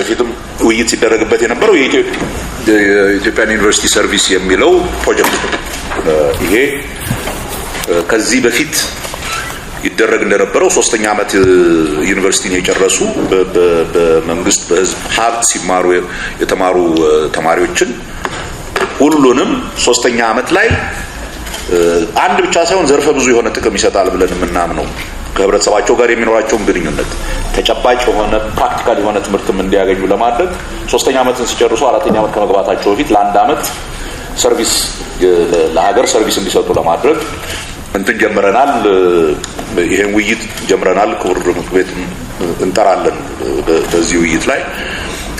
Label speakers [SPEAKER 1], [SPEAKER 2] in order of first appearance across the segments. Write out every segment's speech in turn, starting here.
[SPEAKER 1] በፊትም ውይይት ሲደረግበት የነበረው የኢትዮጵያን ዩኒቨርሲቲ ሰርቪስ የሚለው ፕሮጀክት ነው። ይሄ ከዚህ በፊት ይደረግ እንደነበረው ሶስተኛ ዓመት ዩኒቨርሲቲን የጨረሱ በመንግስት በህዝብ ሀብት ሲማሩ የተማሩ ተማሪዎችን ሁሉንም ሶስተኛ ዓመት ላይ አንድ ብቻ ሳይሆን ዘርፈ ብዙ የሆነ ጥቅም ይሰጣል ብለን የምናምነው ከህብረተሰባቸው ጋር የሚኖራቸውን ግንኙነት ተጨባጭ የሆነ ፕራክቲካል የሆነ ትምህርትም እንዲያገኙ ለማድረግ ሶስተኛ ዓመትን ሲጨርሱ አራተኛ ዓመት ከመግባታቸው በፊት ለአንድ ዓመት ሰርቪስ ለሀገር ሰርቪስ እንዲሰጡ ለማድረግ እንትን ጀምረናል። ይሄን ውይይት ጀምረናል። ክቡር ምክር ቤት እንጠራለን በዚህ ውይይት ላይ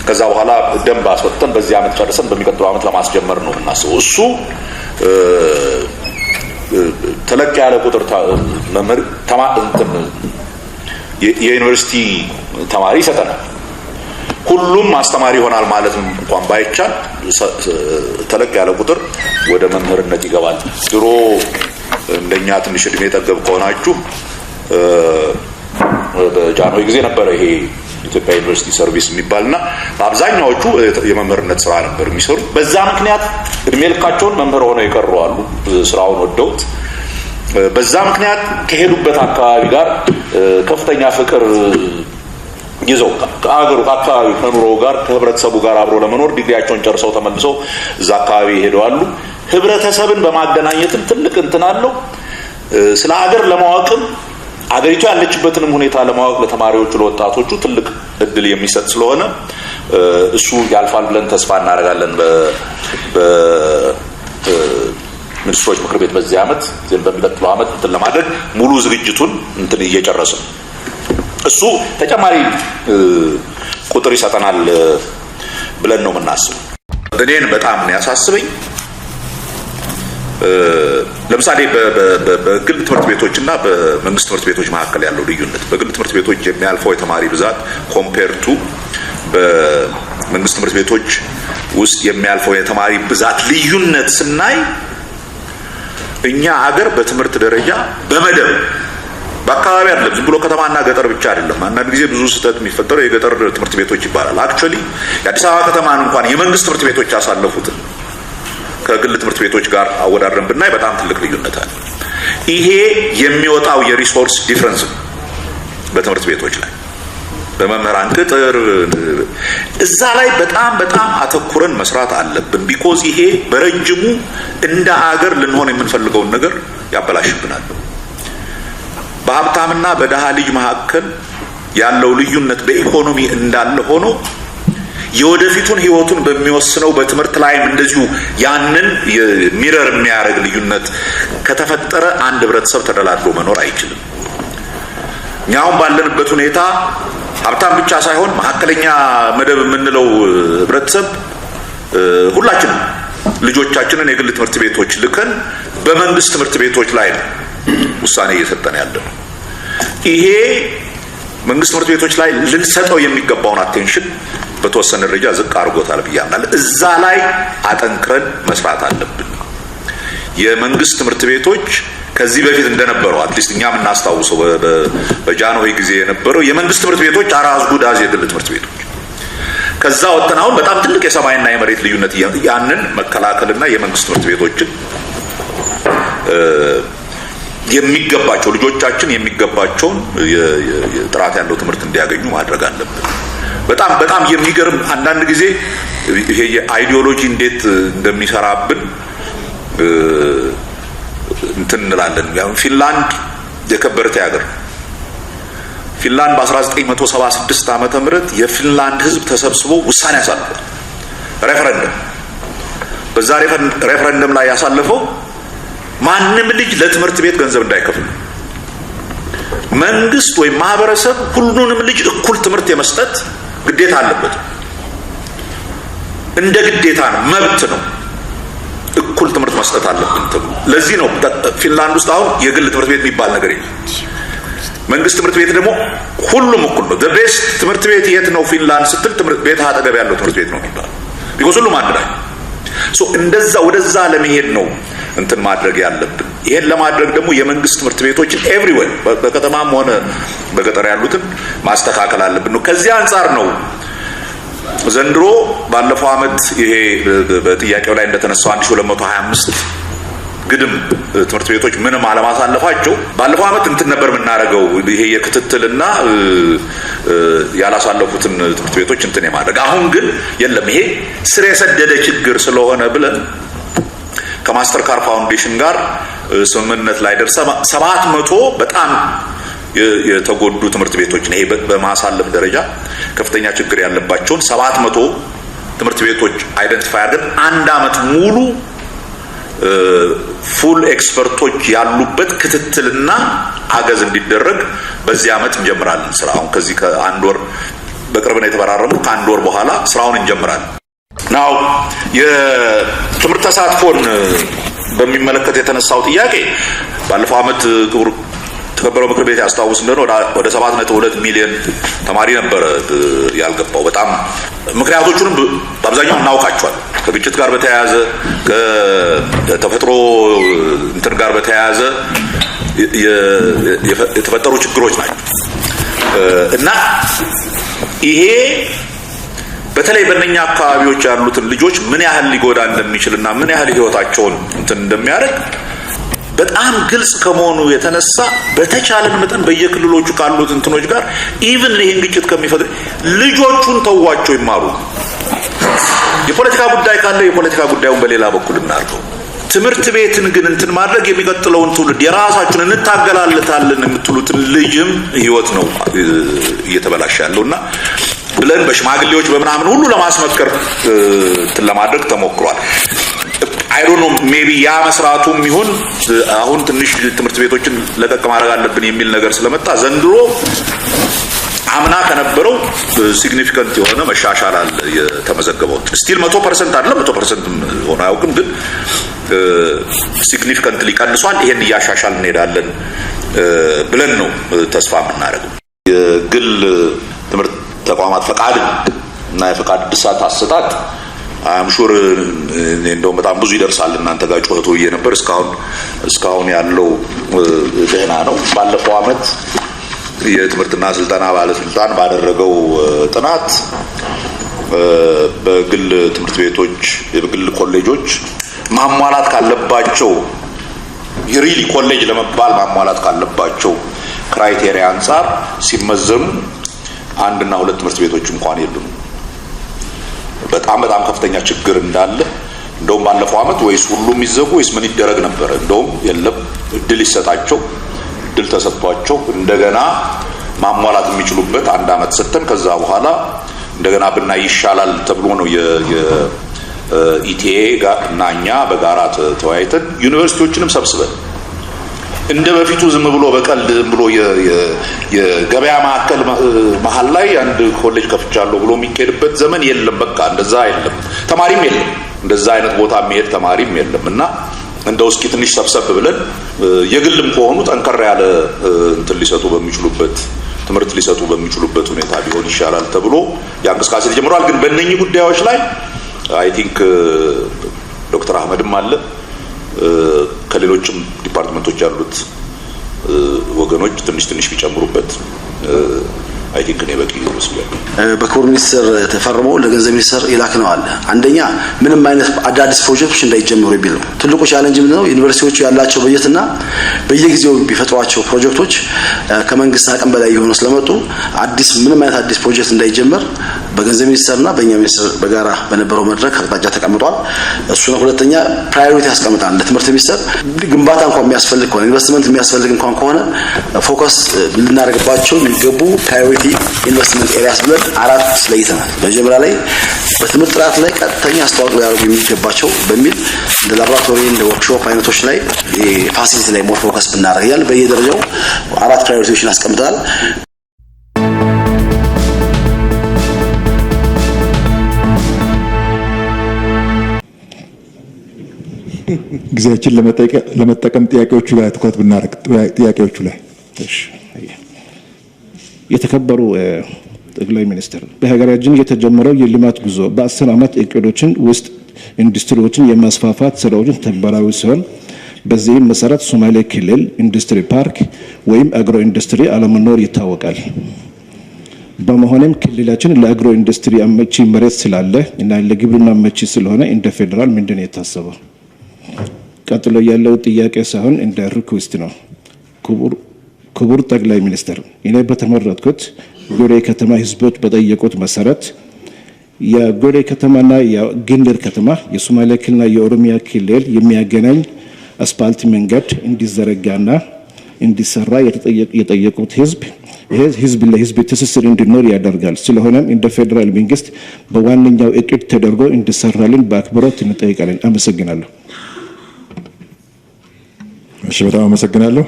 [SPEAKER 1] ከዛ በኋላ ደንብ አስወጥተን በዚህ ዓመት ጨርሰን በሚቀጥለው ዓመት ለማስጀመር ነው የምናስበው እሱ ተለቅ ያለ ቁጥር መምህር የዩኒቨርሲቲ ተማሪ ይሰጠናል። ሁሉም አስተማሪ ይሆናል ማለት እንኳን ባይቻል ተለቅ ያለ ቁጥር ወደ መምህርነት ይገባል። ድሮ እንደኛ ትንሽ እድሜ ጠገብ ከሆናችሁ በጃንሆይ ጊዜ ነበረ ይሄ ኢትዮጵያ ዩኒቨርሲቲ ሰርቪስ የሚባልና አብዛኛዎቹ የመምህርነት ስራ ነበር የሚሰሩት። በዛ ምክንያት እድሜ ልካቸውን መምህር ሆነው የቀሩ አሉ። ስራውን ወደውት በዛ ምክንያት ከሄዱበት አካባቢ ጋር ከፍተኛ ፍቅር ይዘው ከአገሩ ከአካባቢ ከኑሮው ጋር ከህብረተሰቡ ጋር አብሮ ለመኖር ዲግሪያቸውን ጨርሰው ተመልሰው እዛ አካባቢ ይሄደዋሉ። ህብረተሰብን በማገናኘትም ትልቅ እንትን አለው። ስለ ሀገር ለማወቅም አገሪቱ ያለችበትንም ሁኔታ ለማወቅ ለተማሪዎቹ፣ ለወጣቶቹ ትልቅ እድል የሚሰጥ ስለሆነ እሱ ያልፋል ብለን ተስፋ እናደርጋለን። በሚኒስትሮች ምክር ቤት በዚህ ዓመት በሚቀጥለው አመት እንትን ለማድረግ ሙሉ ዝግጅቱን እንትን ነው። እሱ ተጨማሪ ቁጥር ይሰጠናል ብለን ነው የምናስበው። እኔን በጣም ነው ያሳስበኝ። ለምሳሌ በግል ትምህርት ቤቶች እና በመንግስት ትምህርት ቤቶች መካከል ያለው ልዩነት በግል ትምህርት ቤቶች የሚያልፈው የተማሪ ብዛት ኮምፔርቱ በመንግስት ትምህርት ቤቶች ውስጥ የሚያልፈው የተማሪ ብዛት ልዩነት ስናይ እኛ አገር በትምህርት ደረጃ በመደብ በአካባቢ አይደለም። ዝም ብሎ ከተማና ገጠር ብቻ አይደለም። አንዳንድ ጊዜ ብዙ ስህተት የሚፈጠረው የገጠር ትምህርት ቤቶች ይባላል። አክቹዋሊ የአዲስ አበባ ከተማን እንኳን የመንግስት ትምህርት ቤቶች ያሳለፉትን ከግል ትምህርት ቤቶች ጋር አወዳድረን ብናይ በጣም ትልቅ ልዩነት አለ። ይሄ የሚወጣው የሪሶርስ ዲፍረንስ ነው በትምህርት ቤቶች ላይ በመምህራን ቅጥር እዛ ላይ በጣም በጣም አተኩረን መስራት አለብን። ቢኮዝ ይሄ በረጅሙ እንደ አገር ልንሆን የምንፈልገውን ነገር ያበላሽብናል። በሀብታምና በድሃ ልጅ መካከል ያለው ልዩነት በኢኮኖሚ እንዳለ ሆኖ የወደፊቱን ህይወቱን በሚወስነው በትምህርት ላይም እንደዚሁ ያንን ሚረር የሚያደርግ ልዩነት ከተፈጠረ አንድ ህብረተሰብ ተደላድሎ መኖር አይችልም። እኛውም ባለንበት ሁኔታ ሀብታም ብቻ ሳይሆን መካከለኛ መደብ የምንለው ህብረተሰብ ሁላችንም ልጆቻችንን የግል ትምህርት ቤቶች ልከን በመንግስት ትምህርት ቤቶች ላይ ነው ውሳኔ እየሰጠን ያለ ነው። ይሄ መንግስት ትምህርት ቤቶች ላይ ልንሰጠው የሚገባውን አቴንሽን በተወሰነ ደረጃ ዝቅ አድርጎታል ብዬ እዛ ላይ አጠንክረን መስራት አለብን። የመንግስት ትምህርት ቤቶች ከዚህ በፊት እንደነበረው አትሊስት እኛ የምናስታውሰው በጃንሆይ ጊዜ የነበረው የመንግስት ትምህርት ቤቶች አራዝ ጉዳዝ የግል ትምህርት ቤቶች ከዛ ወጥተን አሁን በጣም ትልቅ የሰማይና የመሬት ልዩነት ያንን መከላከልና የመንግስት ትምህርት ቤቶችን የሚገባቸው ልጆቻችን የሚገባቸውን ጥራት ያለው ትምህርት እንዲያገኙ ማድረግ አለብን። በጣም በጣም የሚገርም አንዳንድ ጊዜ ይሄ የአይዲዮሎጂ እንዴት እንደሚሰራብን እንትን እንላለን። ፊንላንድ የከበረች ሀገር ፊንላንድ በ1976 ዓመተ ምህረት የፊንላንድ ህዝብ ተሰብስቦ ውሳኔ ያሳልፏል። ሬፈረንደም በዛ ሬፈረንደም ላይ ያሳለፈው ማንም ልጅ ለትምህርት ቤት ገንዘብ እንዳይከፍል መንግስት ወይም ማህበረሰብ ሁሉንም ልጅ እኩል ትምህርት የመስጠት ግዴታ አለበት። እንደ ግዴታ ነው፣ መብት ነው። እኩል ትምህርት መስጠት አለብን ተብሎ ለዚህ ነው ፊንላንድ ውስጥ አሁን የግል ትምህርት ቤት የሚባል ነገር የለም። መንግስት ትምህርት ቤት ደግሞ ሁሉም እኩል ነው። ቤስት ትምህርት ቤት የት ነው ፊንላንድ ስትል ትምህርት ቤት አጠገብ ያለው ትምህርት ቤት ነው የሚባል ቢኮስ ሁሉም አንድ ላይ እንደዛ ወደዛ ለመሄድ ነው እንትን ማድረግ ያለብን። ይሄን ለማድረግ ደግሞ የመንግስት ትምህርት ቤቶችን ኤቭሪወን በከተማም ሆነ በገጠር ያሉትን ማስተካከል አለብን ነው። ከዚህ አንጻር ነው ዘንድሮ ባለፈው አመት ይሄ በጥያቄው ላይ እንደተነሳው 1225 ግድም ትምህርት ቤቶች ምንም አለማሳለፋቸው ባለፈው አመት እንትን ነበር የምናደርገው ይሄ የክትትልና ያላሳለፉትን ትምህርት ቤቶች እንትን የማድረግ አሁን ግን የለም። ይሄ ስር የሰደደ ችግር ስለሆነ ብለን ከማስተር ካር ፋውንዴሽን ጋር ስምምነት ላይ ደርሰ ሰባት መቶ በጣም የተጎዱ ትምህርት ቤቶች ይሄ በማሳለፍ ደረጃ ከፍተኛ ችግር ያለባቸውን ሰባት መቶ ትምህርት ቤቶች አይደንቲፋይ አድርገን አንድ አመት ሙሉ ፉል ኤክስፐርቶች ያሉበት ክትትልና አገዝ እንዲደረግ በዚህ አመት እንጀምራለን። ስራ አሁን ከዚህ ከአንድ ወር በቅርብ ነው ከአንድ ወር በኋላ ስራውን እንጀምራለን። ናው የትምህርት ተሳትፎን በሚመለከት የተነሳው ጥያቄ ባለፈው ዓመት ክቡር ተከበረው ምክር ቤት ያስታውስ እንደሆነ ወደ ሰባት ነጥብ ሁለት ሚሊዮን ተማሪ ነበረ ያልገባው። በጣም ምክንያቶቹንም በአብዛኛው እናውቃቸዋል። ከግጭት ጋር በተያያዘ ከተፈጥሮ እንትን ጋር በተያያዘ የተፈጠሩ ችግሮች ናቸው እና ይሄ በተለይ በእነኛ አካባቢዎች ያሉትን ልጆች ምን ያህል ሊጎዳ እንደሚችልና ምን ያህል ህይወታቸውን እንትን እንደሚያደርግ በጣም ግልጽ ከመሆኑ የተነሳ በተቻለን መጠን በየክልሎቹ ካሉት እንትኖች ጋር ኢቭን ይህን ግጭት ከሚፈጥ ልጆቹን ተዋቸው ይማሩ። የፖለቲካ ጉዳይ ካለ የፖለቲካ ጉዳዩን በሌላ በኩል እናርገው። ትምህርት ቤትን ግን እንትን ማድረግ የሚቀጥለውን ትውልድ የራሳችን እንታገላለታለን የምትሉትን ልጅም ህይወት ነው እየተበላሸ ያለው እና ብለን በሽማግሌዎች በምናምን ሁሉ ለማስመከር ለማድረግ ተሞክሯል። አይዶኖ ሜቢ ያ መስራቱም ይሁን አሁን ትንሽ ትምህርት ቤቶችን ለቀቅ ማድረግ አለብን የሚል ነገር ስለመጣ ዘንድሮ አምና ከነበረው ሲግኒፊካንት የሆነ መሻሻል አለ የተመዘገበው። ስቲል መቶ ፐርሰንት አለ መቶ ፐርሰንት ሆነ አያውቅም፣ ግን ሲግኒፊካንት ሊቀንሷል። ይሄን እያሻሻል እንሄዳለን ብለን ነው ተስፋ የምናደርገው የግል ትምህርት ተቋማት ፈቃድ እና የፈቃድ እድሳት አሰጣጥ አምሹር እንደውም በጣም ብዙ ይደርሳል። እናንተ ጋር ጩኸቱ እየነበር እስካሁን እስካሁን ያለው ደህና ነው። ባለፈው አመት የትምህርትና ስልጠና ባለስልጣን ባደረገው ጥናት በግል ትምህርት ቤቶች፣ በግል ኮሌጆች ማሟላት ካለባቸው ሪሊ ኮሌጅ ለመባል ማሟላት ካለባቸው ክራይቴሪያ አንጻር ሲመዘኑ አንድና ሁለት ትምህርት ቤቶች እንኳን የሉም። በጣም በጣም ከፍተኛ ችግር እንዳለ እንደውም ባለፈው አመት ወይስ ሁሉም ይዘጉ ወይስ ምን ይደረግ ነበረ። እንደውም የለም እድል ይሰጣቸው እድል ተሰጥቷቸው እንደገና ማሟላት የሚችሉበት አንድ አመት ሰጥተን ከዛ በኋላ እንደገና ብናይ ይሻላል ተብሎ ነው የኢቲኤ እና እኛ በጋራ ተወያይተን ዩኒቨርሲቲዎችንም ሰብስበን እንደ በፊቱ ዝም ብሎ በቀል ዝም ብሎ የገበያ ማዕከል መሀል ላይ አንድ ኮሌጅ ከፍቻለሁ ብሎ የሚካሄድበት ዘመን የለም። በቃ እንደዛ የለም፣ ተማሪም የለም፣ እንደዛ አይነት ቦታ የሚሄድ ተማሪም የለም። እና እንደ ውስኪ ትንሽ ሰብሰብ ብለን የግልም ከሆኑ ጠንከር ያለ እንትን ሊሰጡ በሚችሉበት ትምህርት ሊሰጡ በሚችሉበት ሁኔታ ቢሆን ይሻላል ተብሎ ያ እንቅስቃሴ ተጀምሯል። ግን በእነኚህ ጉዳዮች ላይ አይ ቲንክ ዶክተር አህመድም አለ ከሌሎችም ዲፓርትመንቶች ያሉት ወገኖች ትንሽ ትንሽ ቢጨምሩበት አይ ቲንክ እኔ በቂ ይመስላል።
[SPEAKER 2] በክቡር ሚኒስትር ተፈርሞ ለገንዘብ ሚኒስትር ነው አለ። አንደኛ ምንም አይነት አዳዲስ ፕሮጀክቶች እንዳይጀምሩ የሚል ነው። ትልቁ ቻለንጅ ምንድነው? ዩኒቨርሲቲዎቹ ያላቸው በጀትና በየጊዜው ቢፈጥሯቸው ፕሮጀክቶች ከመንግስት አቅም በላይ የሆኑ ስለመጡ አዲስ ምንም አይነት አዲስ ፕሮጀክት እንዳይጀምር? በገንዘብ ሚኒስቴርና በእኛ ሚኒስቴር በጋራ በነበረው መድረክ አቅጣጫ ተቀምጧል። ነው። ሁለተኛ ፕራዮሪቲ ያስቀምጣል። ለትምህርት ሚኒስቴር ግንባታ እንኳን የሚያስፈልግ ከሆነ ኢንቨስትመንት የሚያስፈልግ እንኳን ከሆነ ፎከስ ልናደርግባቸው የሚገቡ ፕራዮሪቲ ኢንቨስትመንት ኤሪያስ ብለን አራት ለይተናል። መጀመሪያ ላይ በትምህርት ጥራት ላይ ቀጥተኛ አስተዋጽኦ ሊያደርጉ የሚገባቸው በሚል እንደ ላቦራቶሪ እንደ ወርክሾፕ አይነቶች ላይ ፋሲሊቲ ላይ ሞር ፎከስ ብናደርግ እያልን በየደረጃው አራት ፕራዮሪቲዎችን አስቀምጠናል።
[SPEAKER 3] ጊዜያችን ለመጠቀም ጥያቄዎቹ ላይ ትኩረት ብናደርግ ጥያቄዎቹ ላይ
[SPEAKER 4] የተከበሩ ጠቅላይ ሚኒስትር በሀገራችን የተጀመረው የልማት ጉዞ በአስር ዓመት እቅዶችን ውስጥ ኢንዱስትሪዎችን የማስፋፋት ስራዎችን ተግባራዊ ሲሆን በዚህም መሰረት ሶማሌ ክልል ኢንዱስትሪ ፓርክ ወይም አግሮ ኢንዱስትሪ አለመኖር ይታወቃል። በመሆንም ክልላችን ለአግሮ ኢንዱስትሪ አመቺ መሬት ስላለ እና ለግብርና አመቺ ስለሆነ እንደ ፌዴራል ምንድን ነው የታሰበው? ቀጥሎ ያለው ጥያቄ ሳይሆን እንደ ሪኩዌስት ነው። ክቡር ጠቅላይ ሚኒስትር፣ እኔ በተመረጥኩት ጎሬ ከተማ ህዝቦች በጠየቁት መሰረት የጎሬ ከተማና የግንድር ከተማ የሶማሌ ክልልና የኦሮሚያ ክልል የሚያገናኝ አስፓልት መንገድ እንዲዘረጋና እንዲሰራ የጠየቁት ህዝብ ህዝብ ለህዝብ ትስስር እንዲኖር ያደርጋል። ስለሆነም እንደ ፌዴራል መንግስት በዋነኛው እቅድ ተደርጎ እንዲሰራልን በአክብሮት እንጠይቃለን። አመሰግናለሁ።
[SPEAKER 3] እሺ፣ በጣም አመሰግናለሁ።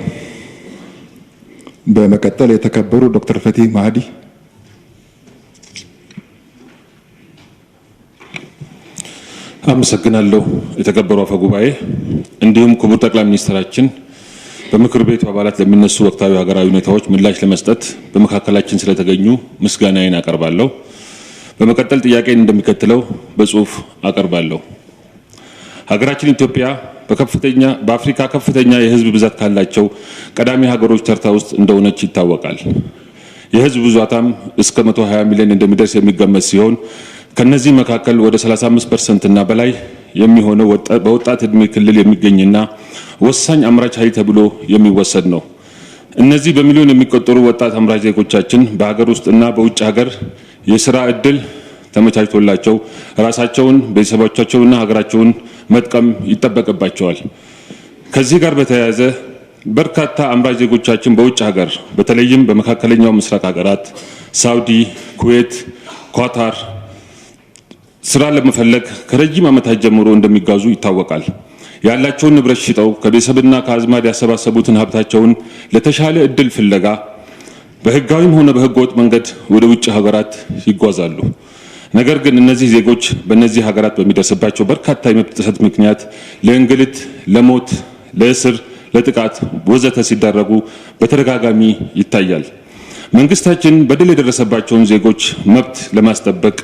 [SPEAKER 3] በመቀጠል የተከበሩ ዶክተር ፈቲህ ማህዲ።
[SPEAKER 5] አመሰግናለሁ የተከበሩ አፈ ጉባኤ፣ እንዲሁም ክቡር ጠቅላይ ሚኒስትራችን በምክር ቤቱ አባላት ለሚነሱ ወቅታዊ ሀገራዊ ሁኔታዎች ምላሽ ለመስጠት በመካከላችን ስለተገኙ ምስጋናዬን አቀርባለሁ። በመቀጠል ጥያቄን እንደሚከተለው በጽሁፍ አቀርባለሁ። ሀገራችን ኢትዮጵያ በከፍተኛ በአፍሪካ ከፍተኛ የህዝብ ብዛት ካላቸው ቀዳሚ ሀገሮች ተርታ ውስጥ እንደሆነች ይታወቃል። የህዝብ ብዛቷም እስከ 120 ሚሊዮን እንደሚደርስ የሚገመት ሲሆን ከነዚህ መካከል ወደ 35 ፐርሰንት እና በላይ የሚሆነው በወጣት እድሜ ክልል የሚገኝና ወሳኝ አምራች ኃይል ተብሎ የሚወሰድ ነው። እነዚህ በሚሊዮን የሚቆጠሩ ወጣት አምራች ዜጎቻችን በሀገር ውስጥና በውጭ ሀገር የስራ እድል ተመቻችቶላቸው ራሳቸውን ቤተሰቦቻቸውና ሀገራቸውን መጥቀም ይጠበቅባቸዋል። ከዚህ ጋር በተያያዘ በርካታ አምራች ዜጎቻችን በውጭ ሀገር በተለይም በመካከለኛው ምስራቅ ሀገራት ሳውዲ፣ ኩዌት፣ ኳታር ስራ ለመፈለግ ከረጅም ዓመታት ጀምሮ እንደሚጓዙ ይታወቃል። ያላቸውን ንብረት ሽጠው ከቤተሰብና ከአዝማድ ያሰባሰቡትን ሀብታቸውን ለተሻለ እድል ፍለጋ በህጋዊም ሆነ በህገወጥ መንገድ ወደ ውጭ ሀገራት ይጓዛሉ። ነገር ግን እነዚህ ዜጎች በእነዚህ ሀገራት በሚደርስባቸው በርካታ የመብት ጥሰት ምክንያት ለእንግልት፣ ለሞት፣ ለእስር፣ ለጥቃት ወዘተ ሲዳረጉ በተደጋጋሚ ይታያል። መንግስታችን በደል የደረሰባቸውን ዜጎች መብት ለማስጠበቅ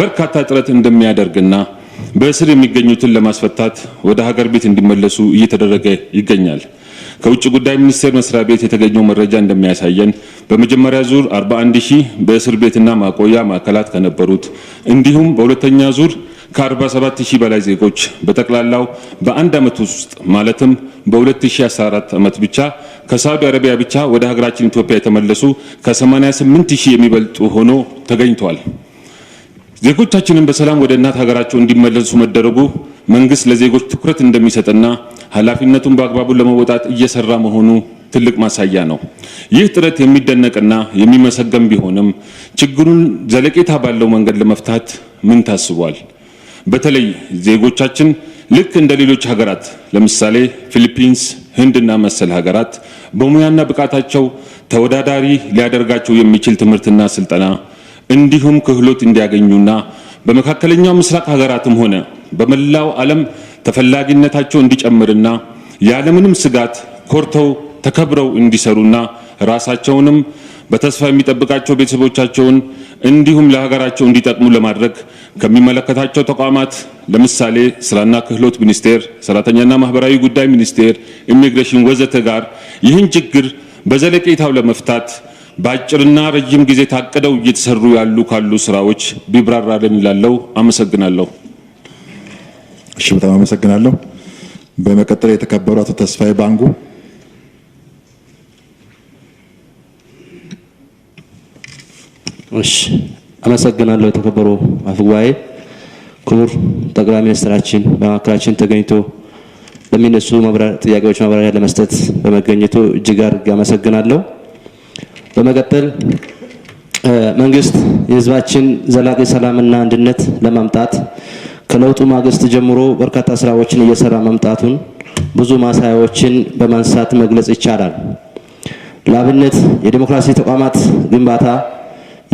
[SPEAKER 5] በርካታ ጥረት እንደሚያደርግና በእስር የሚገኙትን ለማስፈታት ወደ ሀገር ቤት እንዲመለሱ እየተደረገ ይገኛል። ከውጭ ጉዳይ ሚኒስቴር መስሪያ ቤት የተገኘው መረጃ እንደሚያሳየን በመጀመሪያ ዙር 41 ሺህ በእስር ቤትና ማቆያ ማዕከላት ከነበሩት እንዲሁም በሁለተኛ ዙር ከ47 ሺህ በላይ ዜጎች በጠቅላላው በአንድ ዓመት ውስጥ ማለትም በ2014 ዓመት ብቻ ከሳዑዲ አረቢያ ብቻ ወደ ሀገራችን ኢትዮጵያ የተመለሱ ከ88 ሺህ የሚበልጡ ሆኖ ተገኝተዋል። ዜጎቻችንን በሰላም ወደ እናት ሀገራቸው እንዲመለሱ መደረጉ መንግስት ለዜጎች ትኩረት እንደሚሰጥና ኃላፊነቱን በአግባቡ ለመወጣት እየሰራ መሆኑ ትልቅ ማሳያ ነው። ይህ ጥረት የሚደነቅና የሚመሰገን ቢሆንም ችግሩን ዘለቄታ ባለው መንገድ ለመፍታት ምን ታስቧል? በተለይ ዜጎቻችን ልክ እንደ ሌሎች ሀገራት ለምሳሌ ፊሊፒንስ፣ ህንድና መሰል ሀገራት በሙያና ብቃታቸው ተወዳዳሪ ሊያደርጋቸው የሚችል ትምህርትና ስልጠና እንዲሁም ክህሎት እንዲያገኙና በመካከለኛው ምስራቅ ሀገራትም ሆነ በመላው ዓለም ተፈላጊነታቸው እንዲጨምርና ያለምንም ስጋት ኮርተው ተከብረው እንዲሰሩና ራሳቸውንም በተስፋ የሚጠብቃቸው ቤተሰቦቻቸውን እንዲሁም ለሀገራቸው እንዲጠቅሙ ለማድረግ ከሚመለከታቸው ተቋማት ለምሳሌ ስራና ክህሎት ሚኒስቴር፣ ሰራተኛና ማህበራዊ ጉዳይ ሚኒስቴር፣ ኢሚግሬሽን ወዘተ ጋር ይህን ችግር በዘለቄታው ለመፍታት በአጭርና ረጅም ጊዜ ታቅደው እየተሰሩ ያሉ ካሉ ስራዎች ቢብራራልን ላለው አመሰግናለሁ።
[SPEAKER 3] እሺ፣ በጣም አመሰግናለሁ። በመቀጠል የተከበሩ አቶ ተስፋዬ ባንጉ
[SPEAKER 6] እሺ አመሰግናለሁ። የተከበሩ አፈጉባኤ፣ ክቡር ጠቅላይ ሚኒስትራችን በመካከላችን ተገኝቶ ለሚነሱ ጥያቄዎች ማብራሪያ ለመስጠት በመገኘቱ እጅግ አድርጌ አመሰግናለሁ። በመቀጠል መንግስት የህዝባችን ዘላቂ ሰላምና አንድነት ለማምጣት ከለውጡ ማግስት ጀምሮ በርካታ ስራዎችን እየሰራ መምጣቱን ብዙ ማሳያዎችን በማንሳት መግለጽ ይቻላል። ለአብነት የዲሞክራሲ ተቋማት ግንባታ፣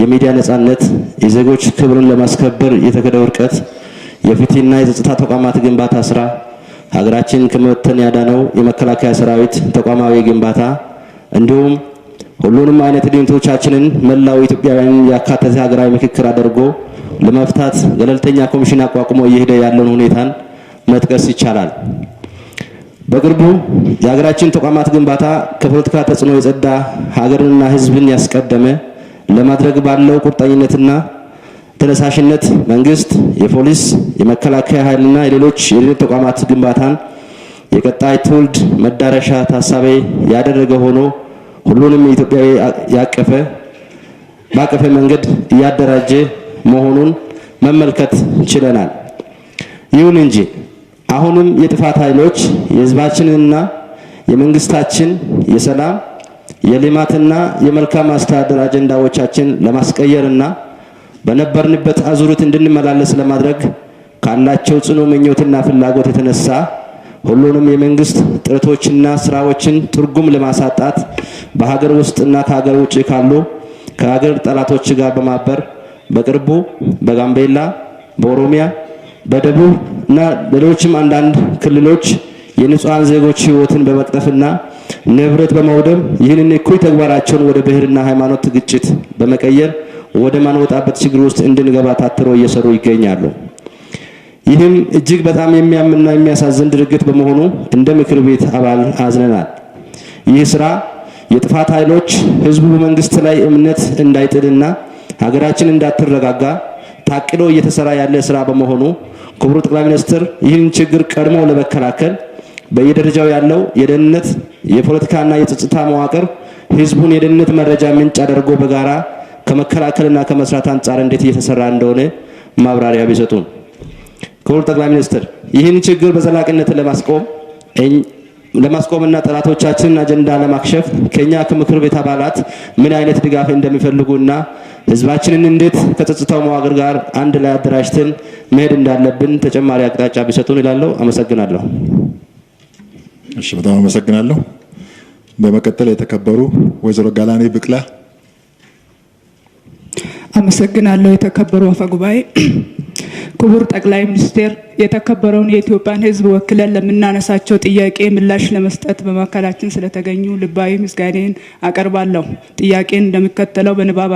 [SPEAKER 6] የሚዲያ ነጻነት፣ የዜጎች ክብርን ለማስከበር የተከደው እርቀት፣ የፍትህና የጸጥታ ተቋማት ግንባታ ስራ፣ ሀገራችን ከመበተን ያዳነው የመከላከያ ሰራዊት ተቋማዊ ግንባታ እንዲሁም ሁሉንም አይነት ድኝቶቻችንን መላው ኢትዮጵያውያን ያካተተ ሀገራዊ ምክክር አድርጎ ለመፍታት ገለልተኛ ኮሚሽን አቋቁሞ እየሄደ ያለውን ሁኔታን መጥቀስ ይቻላል። በቅርቡ የሀገራችን ተቋማት ግንባታ ከፖለቲካ ተጽዕኖ የጸዳ ሀገርንና ሕዝብን ያስቀደመ ለማድረግ ባለው ቁርጠኝነትና ተነሳሽነት መንግስት፣ የፖሊስ፣ የመከላከያ ኃይልና የሌሎች የደህንነት ተቋማት ግንባታን የቀጣይ ትውልድ መዳረሻ ታሳቢ ያደረገ ሆኖ ሁሉንም ኢትዮጵያዊ ያቀፈ ባቀፈ መንገድ እያደራጀ መሆኑን መመልከት ችለናል። ይሁን እንጂ አሁንም የጥፋት ኃይሎች የህዝባችንና የመንግስታችን የሰላም የልማትና የመልካም አስተዳደር አጀንዳዎቻችን ለማስቀየርና በነበርንበት አዙሪት እንድንመላለስ ለማድረግ ካላቸው ጽኑ ምኞትና ፍላጎት የተነሳ ሁሉንም የመንግስት ጥረቶችና ስራዎችን ትርጉም ለማሳጣት በሀገር ውስጥና ከሀገር ውጭ ካሉ ከሀገር ጠላቶች ጋር በማበር በቅርቡ በጋምቤላ፣ በኦሮሚያ፣ በደቡብ እና በሌሎችም አንዳንድ ክልሎች የንጹሐን ዜጎች ህይወትን በመቅጠፍና ንብረት በማውደም ይህንን እኩይ ተግባራቸውን ወደ ብሔርና ሃይማኖት ግጭት በመቀየር ወደ ማንወጣበት ችግር ውስጥ እንድንገባ ታትሮ እየሰሩ ይገኛሉ። ይህም እጅግ በጣም የሚያምና የሚያሳዝን ድርጊት በመሆኑ እንደ ምክር ቤት አባል አዝነናል። ይህ ስራ የጥፋት ኃይሎች ህዝቡ በመንግስት ላይ እምነት እንዳይጥልና ሀገራችን እንዳትረጋጋ ታቅዶ እየተሰራ ያለ ስራ በመሆኑ ክቡር ጠቅላይ ሚኒስትር ይህን ችግር ቀድሞ ለመከላከል በየደረጃው ያለው የደህንነት የፖለቲካና የጸጥታ መዋቅር ህዝቡን የደህንነት መረጃ ምንጭ አድርጎ በጋራ ከመከላከልና ከመስራት አንጻር እንዴት እየተሰራ እንደሆነ ማብራሪያ ቢሰጡን። ክቡር ጠቅላይ ሚኒስትር ይህን ችግር በዘላቂነት ለማስቆም ለማስቆምና ጠላቶቻችንን አጀንዳ ለማክሸፍ ከኛ ከምክር ቤት አባላት ምን አይነት ድጋፍ እንደሚፈልጉና ህዝባችንን እንዴት ከጸጥታው መዋቅር ጋር አንድ ላይ አደራጅተን መሄድ እንዳለብን ተጨማሪ አቅጣጫ ቢሰጡን ይላለው። አመሰግናለሁ።
[SPEAKER 3] እሺ፣ በጣም አመሰግናለሁ። በመቀጠል የተከበሩ ወይዘሮ ጋላኔ ብቅላ።
[SPEAKER 7] አመሰግናለሁ። የተከበሩ አፈ ጉባኤ፣ ክቡር ጠቅላይ ሚኒስቴር፣ የተከበረውን የኢትዮጵያን ህዝብ ወክለን ለምናነሳቸው ጥያቄ ምላሽ ለመስጠት በመካከላችን ስለተገኙ ልባዊ ምስጋኔን አቀርባለሁ። ጥያቄን እንደሚከተለው በንባብ